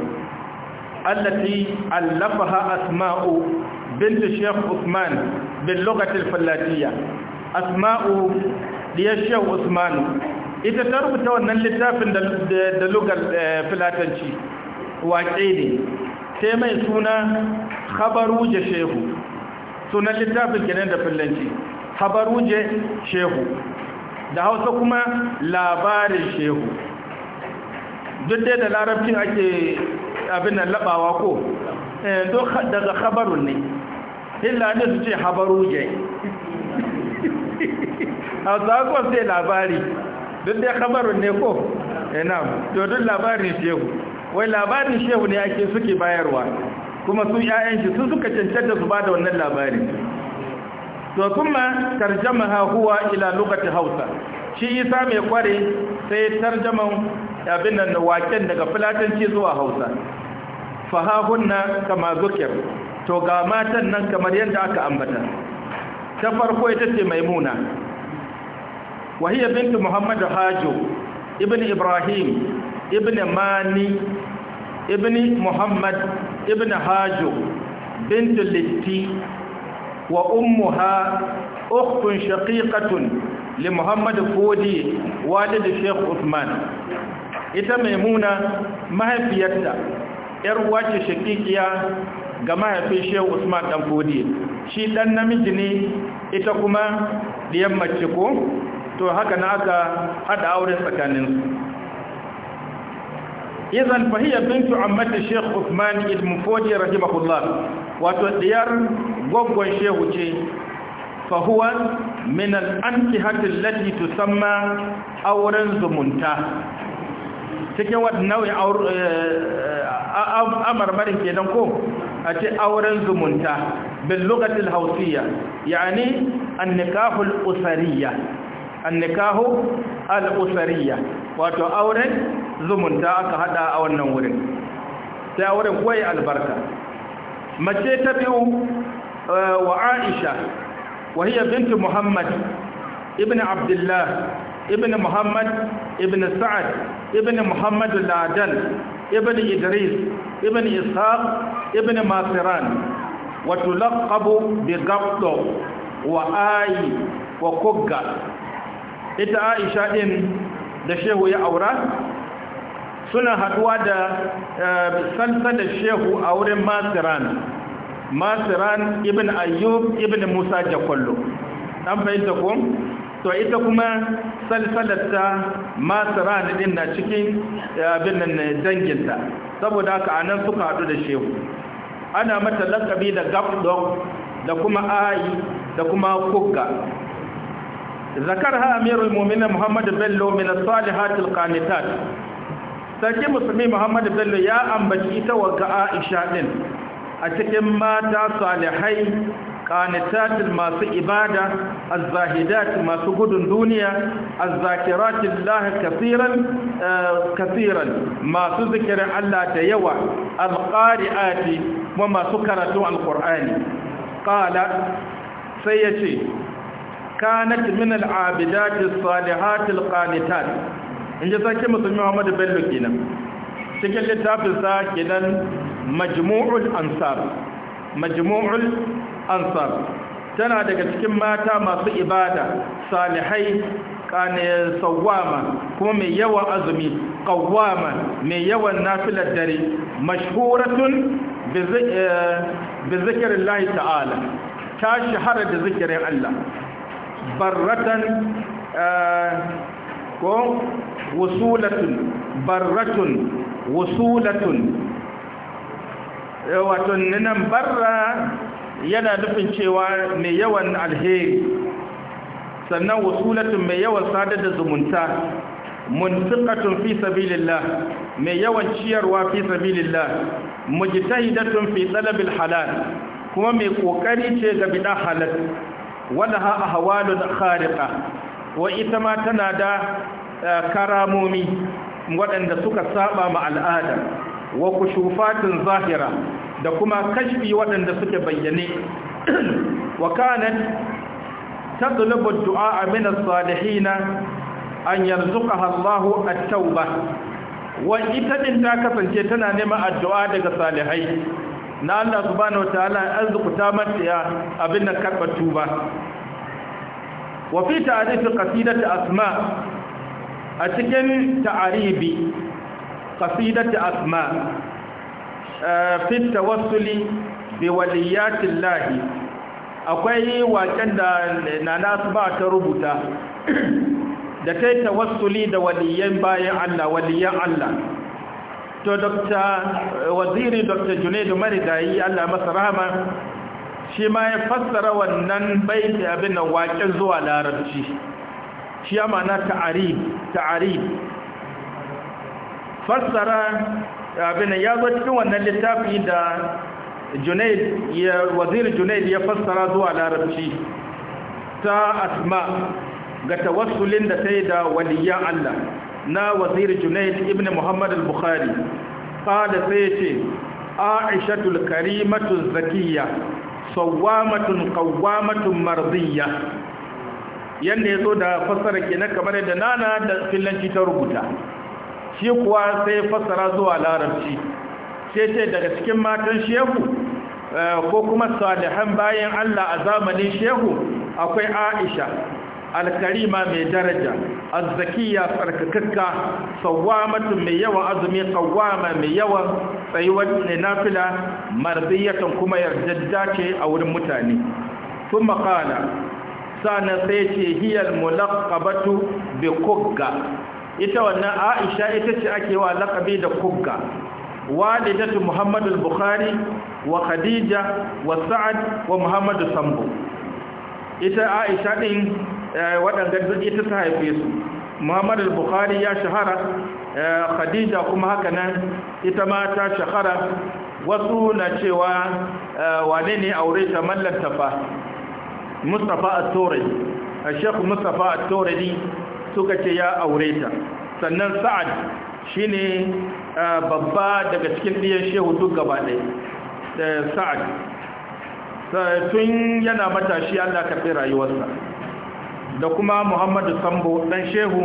allati allafaha asma'u bint sheikh Usman bil lughati al fallatiyya asma'u diyar sheikh Usman ita ta rubuta wannan littafin da lugar eh, filatanci waƙe ne sai mai suna khabaru da shehu sunan littafin kenan da fillanci Habaru je shehu da hausa kuma labarin shehu duk dai da larabcin ake abin da labawa ko eh, daga habarun ne illa ne su ce Habaru je *laughs* a zakon sai labari duk dai habarun ne ko ina eh, to duk labarin shehu wai labarin shehu ne ake suke bayarwa kuma sun ‘ya'yan shi sun suka cancanta su ba da wannan labari to kuma tarjama huwa ila lokacin hausa shi isa mai kware sai tarjaman abin nan waken daga fulatanci zuwa hausa Fa hunna kama zukir to ga matan nan kamar yadda aka ambata ta farko ita ce maimuna wahiyya bintu muhammadu hajo ibn ibrahim ibn mani ibn muhammad ibn hajo bintu litti wa ummuha ukhtun shaqiqatun li muhammad fodi walid sheikh uthman ita maimuna mahaifiyarta yar wace shakikiya shaqiqiya ga mahaifin Sheikh usman dan fodi shi dan namiji ne ita kuma diyan mace ko to haka na aka hada auren tsakaninsu izan fahiya bintu ammati sheikh Uthman ibn Fodi rahimahullah wato diyar goggon shehu ce fahuwa min al-ankihati allati tusamma auren zumunta cikin wata nau'in eh, amarmarin kenan ko a ce auren zumunta bin lokacin hausiyya yani an nikahul usariyya annikahu al'usariya wato auren zumunta aka hada a wannan wurin sai auren kuwa albarka mace ta biyu wa aisha wa hiya bintu muhammad ibn abdullah ibn muhammad ibn sa'ad ibn muhammad ladan ibn idris ibn ishaq ibn masiran wa tulaqabu bi gabdo wa ayi wa kugga ita aisha din da shehu ya aura suna haduwa da eh, sansa da shehu a wurin masiran masiran ibn ayyub ibn musa jakwallo dan fahimta ko to ita kuma ta masiran din na cikin eh, abin nan danginta saboda haka anan suka hadu da shehu ana mata lakabi da gabdog da kuma ayi da kuma kugga Zakar أمير المؤمنين Bello, بلو من الصالحات القانتات sarki musulmi muhammad bello ya ambaci ita ga aisha din a cikin mata salihai qanitatul masu ibada azzahidat masu gudun duniya azzakiratillah kaseeran eh, kaseeran masu zikirin Allah da yawa alqariati wa masu karatu Alƙur'ani, qala sai yace kanat min al-abidat as-salihat al-qanitat in ji sarki musulmi Bello kenan cikin littafin sa kenan majmu'ul ansar majmu'ul ansar tana daga cikin mata masu ibada salihai kane sawama kuma mai yawan azumi ƙawwama, mai yawan nafilar dare mashhuratun eh, bi zikrillahi ta'ala ta shahara da zikirin Allah barratan eh, ko wasulatun barratun wusulatun eh, wato nan barra yana nufin cewa mai yawan alheri sannan wasulatun mai yawan sadar da zumunta munfiqatun fi sabilillah mai yawan ciyarwa fi sabilillah mujtahidatun fi talabil halal kuma mai kokari ce ga bid'a halal wani ha a hawalun khariƙa wa ita ma tana da karamomi waɗanda suka saba ma al'ada wa kushufatin zahira da kuma kashfi waɗanda suke bayyane wa ta tatlubu du'a a as salihina an yarzuqaha Allahu a tauba wa ita ta kasance tana neman addu'a daga salihai na Allah subhanahu wataala ya arzukuta mata ya abin da karɓar tuba wa fi ta'rif asma a cikin ta'aribi ƙasidata asma fi tawassuli bi waliyatillahi akwai waken da nana ba ta rubuta da ta yi tawassuli da waliyan bayan Allah waliyan Allah to dr eh, waziri dr junaidu marigayi allah masa rahama shi ma ya fassara wannan baiti abin nan waƙen zuwa larabci shi ya mana ta'arib ta'arib fassara eh, abin ya zo cikin wannan littafi da junaid ya wazir junaid ya fassara zuwa larabci ta asma ga tawassulin da ta yi da waliyan allah na waziri junaid ibn muhammad al-bukhari qala sai ce aishatul karimatu zakiyya sawwamatun qawwamatun mardiyya yanda yazo da fassara kenan kamar da nana da filanci ta rubuta shi kuwa sai fassara zuwa larabci sai ce daga cikin matan shehu eh, ko kuma salihan bayan Allah a zamanin shehu akwai Aisha alkarima mai daraja azzakiya tsarkakakka sawamatu mai yawan azumi kawama mai yawan tsayuwar nafila mardiyatan kuma yarjadda ce a wurin mutane sun makala sana sai ce hiyar mulakabatu bi kugga ita wannan aisha ita ce ake wa lakabi da kugga walidatu muhammadu bukhari wa khadija wa sa'ad wa muhammadu sambo ita aisha din Eh, waɗanda duk ita ta haife su muhammad al-bukhari ya shahara eh, khadija kuma haka nan ita ma ta shahara wasu na cewa eh, wane ne aure ta mallanta fa? mustapha al-turai sheikh mustapha al-turai suka ce ya aure ta sannan sa'ad shi ne babba daga cikin ɗiyan shehu duk gaba ɗaya sa'ad tun yana matashi allah fi rayuwarsa da kuma muhammadu sambo ɗan shehu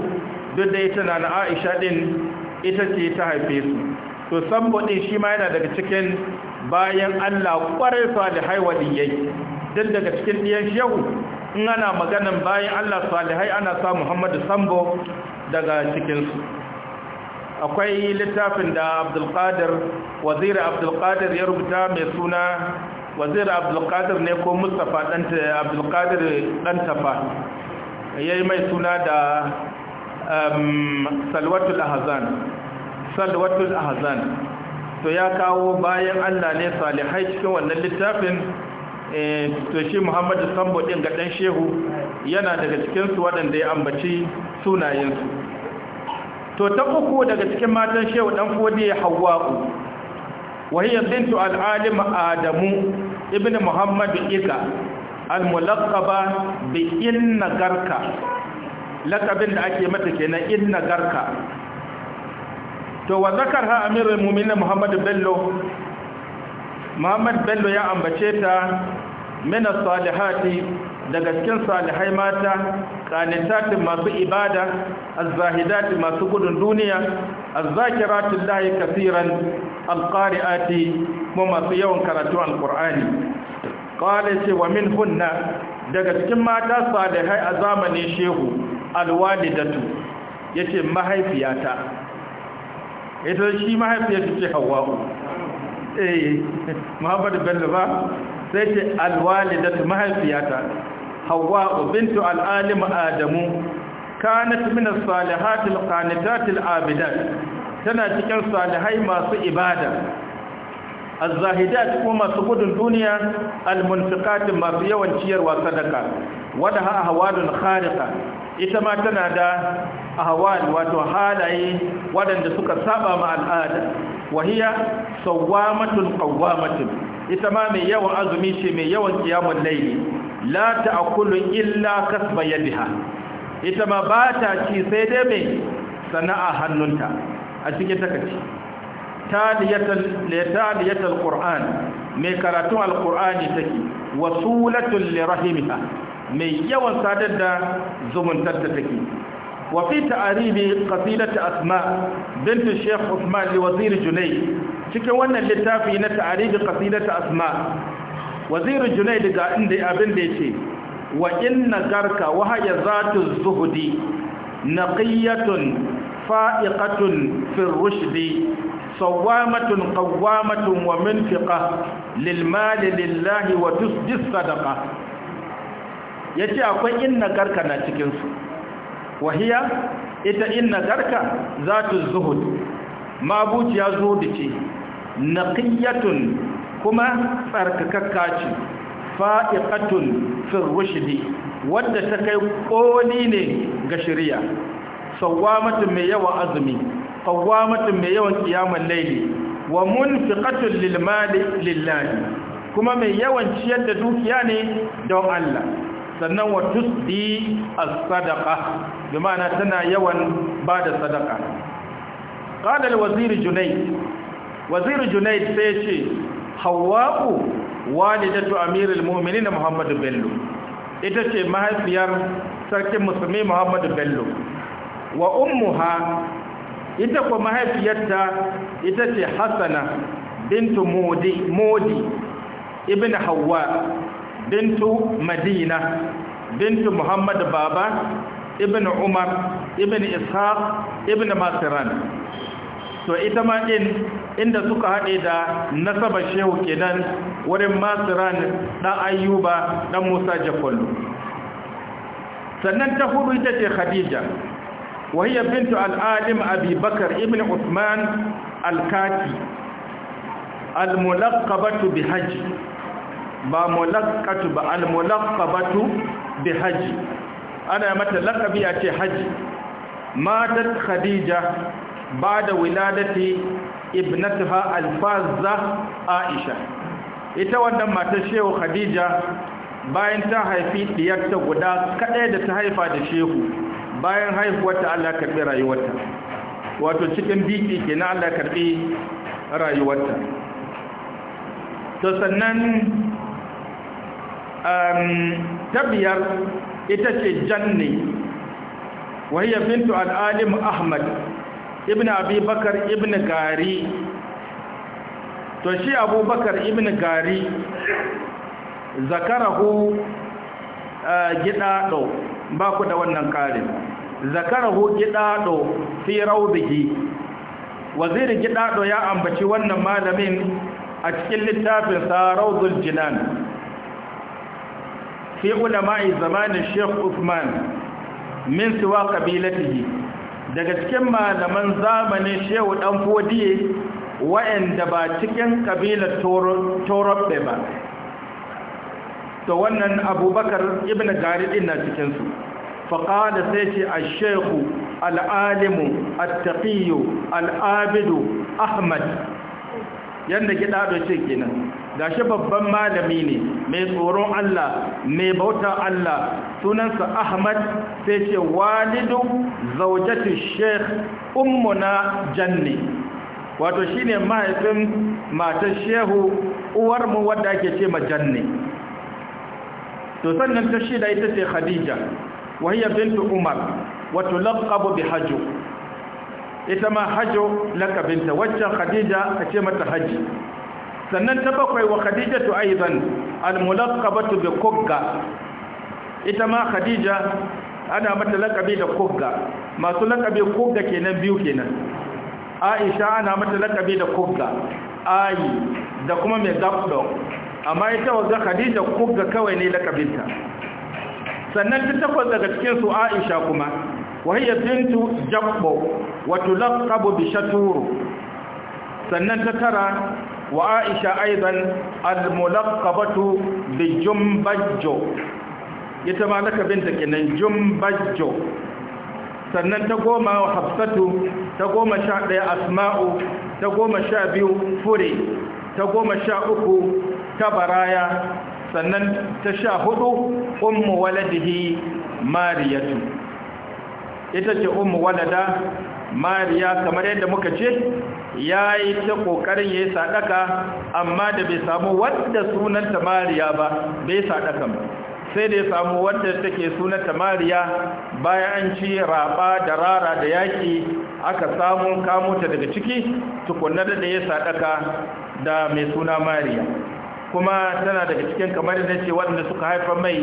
duk da ita na na aisha ɗin ita ce ta haife su to sambo ɗin shi ma yana daga cikin bayan allah kwarai salihai waliyai duk daga cikin ɗiyan shehu in ana maganan bayan allah salihai ana sa muhammadu sambo daga cikinsu akwai littafin da abdulkadir wazir abdulkadir ya rubuta mai suna wazir abdulkadir ne ko mustapha ɗanta abdulkadir ɗantafa ya yi mai suna da um, salwatul ahazan salwatul ahazan to ya kawo bayan allah ne salihai cikin wannan littafin eh, to shi muhammadu sambo ɗin ga ɗan shehu yana daga cikinsu waɗanda ya ambaci sunayensu to ta uku daga cikin matan shehu ɗan fodi ya ku wahiyar bintu al'alim adamu ibn muhammadu ika al-mulaqaba bi inna garka lakabin da ake mata kenan inna garka to wa zakarha amirul mu'minin Muhammad Bello Muhammad Bello ya ambace ta min as-salihati daga cikin salihai mata qanitatin masu ibada az-zahidati masu gudun duniya az-zakiratu kasiran kaseeran al-qari'ati kuma masu yawan karatu al-qur'ani kawai ce wa min hunna daga cikin mata salihai a zamanin shehu alwalidatu ya ce mahaifiyata ita shi mahaifiyata ce hawa'u eh muhammadu bello ba sai ce alwalidatu mahaifiyata hawa'u bintu al'alim adamu kanat min as-salihatil qanitatil abidat tana cikin salihai masu ibada الزاهدات كما سقود الدنيا المنفقات ما في يوان شير وصدقة ودها أهوال خارقة إتما تنادى أهوال وتحالي ودن دسك سابا مع الآدة وهي صوامة قوامة إتما من يوان أزميشي من يوان قيام الليل لا تأكل إلا كسب يدها إتما باتا شي سيدمي سناء هنونتا أتكي تكتي taliyatul qur'an mai karatun alqur'ani take wasulatul lirahimiha mai yawan sadar da zumuntar da take wa fi ta'aribi qasidatu asma bint shaykh Usman, li wazir cikin wannan littafi na ta'aribi qasidatu asma wazir Junayd daga inda abin da yake wa inna garka wa haya zatu zuhdi naqiyatun fa'iqatun fi rushdi صوامة قوامة ومنفقة للمال لله وتسجي الصدقة yace akwai inna garka na cikin su wahiya ita inna garka zatu zuhud mabuciya zuhudi ce naqiyatun kuma tsarkakakka ce fa'iqatun fil rushdi wadda ta kai koli ne ga shari'a sawamatu mai yawan azumi qawwamatun mai yawan qiyamul layli wa munfiqatun lil mali lillahi kuma mai yawan ciyar da dukiya ne don Allah sannan wa tusdi as-sadaqa bi ma'ana tana yawan bada sadaqa qala al-wazir junayd wazir junayd sai ce hawwa'u walidatu amirul mu'minin muhammad bello ita ce mahaifiyar sarkin musulmi muhammad bello wa ummuha ita ko mahaifiyarta ita ce hasana bintu modi modi ibn hawa bintu madina bintu muhammad baba ibn umar ibn ishaq ibn masiran to ita ma din inda suka haɗe da nasabar shehu kenan wurin masiran ɗan ayyuba ɗan musa jakwallo sannan ta hudu ita ce khadija وهي بنت العالم أبي بكر ابن عثمان الكاتي الملقبة بحج با ملقبة با الملقبة بحج أنا متلقبي أتي حج ماتت خديجة بعد ولادة ابنتها الفازة عائشة ita wannan matar shehu khadija bayan ta haifi diyarta guda kaɗai da ta haifa da shehu bayan ta Allah karbi rayuwarta wato cikin biki kenan Allah karbi rayuwarta to sannan um tabiyar ita ce janni wahiyya bintu al-alim ahmad ibn abi bakar ibn gari to shi abubakar ibn gari zakarahu uh, gidaɗo ba ku da wannan ƙarin zakarahu gidado fi rawdihi wazir gidado ya ambaci wannan malamin a cikin littafin sa raudul jinan fi ulama'i zamanin Sheikh Uthman min siwa kabilatihi daga cikin malaman zamanin Shehu dan Fodiye wa'anda ba cikin kabilar Torobbe ba to wannan Abubakar ibn jaridin na cikinsu. faƙada sai ce a sheku al'alimu attaƙiyu al'abidu ahmad yadda gida da ce kenan ga shi babban malami ne mai tsoron Allah mai bautan Allah sunansa ahmad sai ce walidu zaujatu sheikh ummuna janni wato shine mahaifin matar shehu uwarmu wadda ake ce ma janni to sannan ta shida ita ce khadija وهي بنت عمر وتلقب بحجو إتما حجو لك بنت وجه خديجة أتمت حج sannan ta bakwai wa khadijatu aidan almulaqabatu bi kugga ita ma khadija ana mata lakabi da kugga masu lakabi kugga kenan biyu kenan aisha ana mata lakabi da kugga ayi da kuma mai gabdo amma ita khadija kawai ne lakabinta sannan ta takwas daga cikin su Aisha kuma wahiyya bintu Jabbo wa tulaqabu bi Shaturu sannan ta tara wa Aisha aidan al-mulaqabatu bi Jumbajjo ita ma binta kenan Jumbajjo sannan ta goma wa Hafsatu ta goma sha Asma'u ta goma sha biyu Fure ta goma sha uku ta Baraya sannan ta sha hudu ummu waladihi mariyatu ita ce ummu walada mariya kamar yadda muka ce ya yi ta ƙoƙarin ya yi sadaka amma da bai samu wadda sunanta mariya ba bai sadaka ba sai da ya samu wadda take sunanta mariya bayan an ci raba da rara da yaki, aka samu kamuta daga ciki tukunna da ya sadaka da mai suna mariya kuma tana daga cikin kamar da ce waɗanda suka haifa mai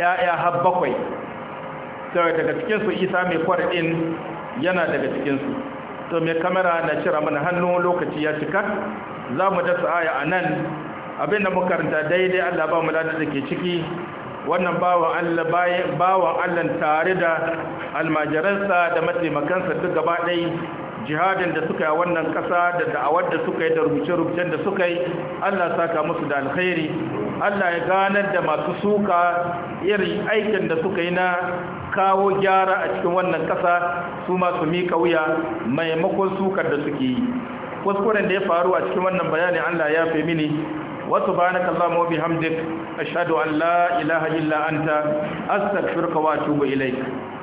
‘ya'ya har bakwai sai daga cikinsu isa mai kwar ɗin yana daga cikinsu to mai kamera na cira mana hannu lokaci ya cika za mu dasa aya a nan abin da makaranta daidai allah ba mu lada da ke ciki wannan bawan allah tare da almajiransa da mataimakansa duk gaba ɗaya jihadin da suka yi a wannan ƙasa da da'awar da suka yi da rubuce-rubucen da suka yi Allah saka musu da alkhairi Allah ya ganar da masu suka iri aikin da suka yi na kawo gyara a cikin wannan ƙasa su masu miƙa wuya maimakon sukar da suke yi kuskuren da ya faru a cikin wannan bayani Allah ya fi mini wasu bayanak Allahumma wa bihamdik ashhadu an la ilaha illa anta astaghfiruka wa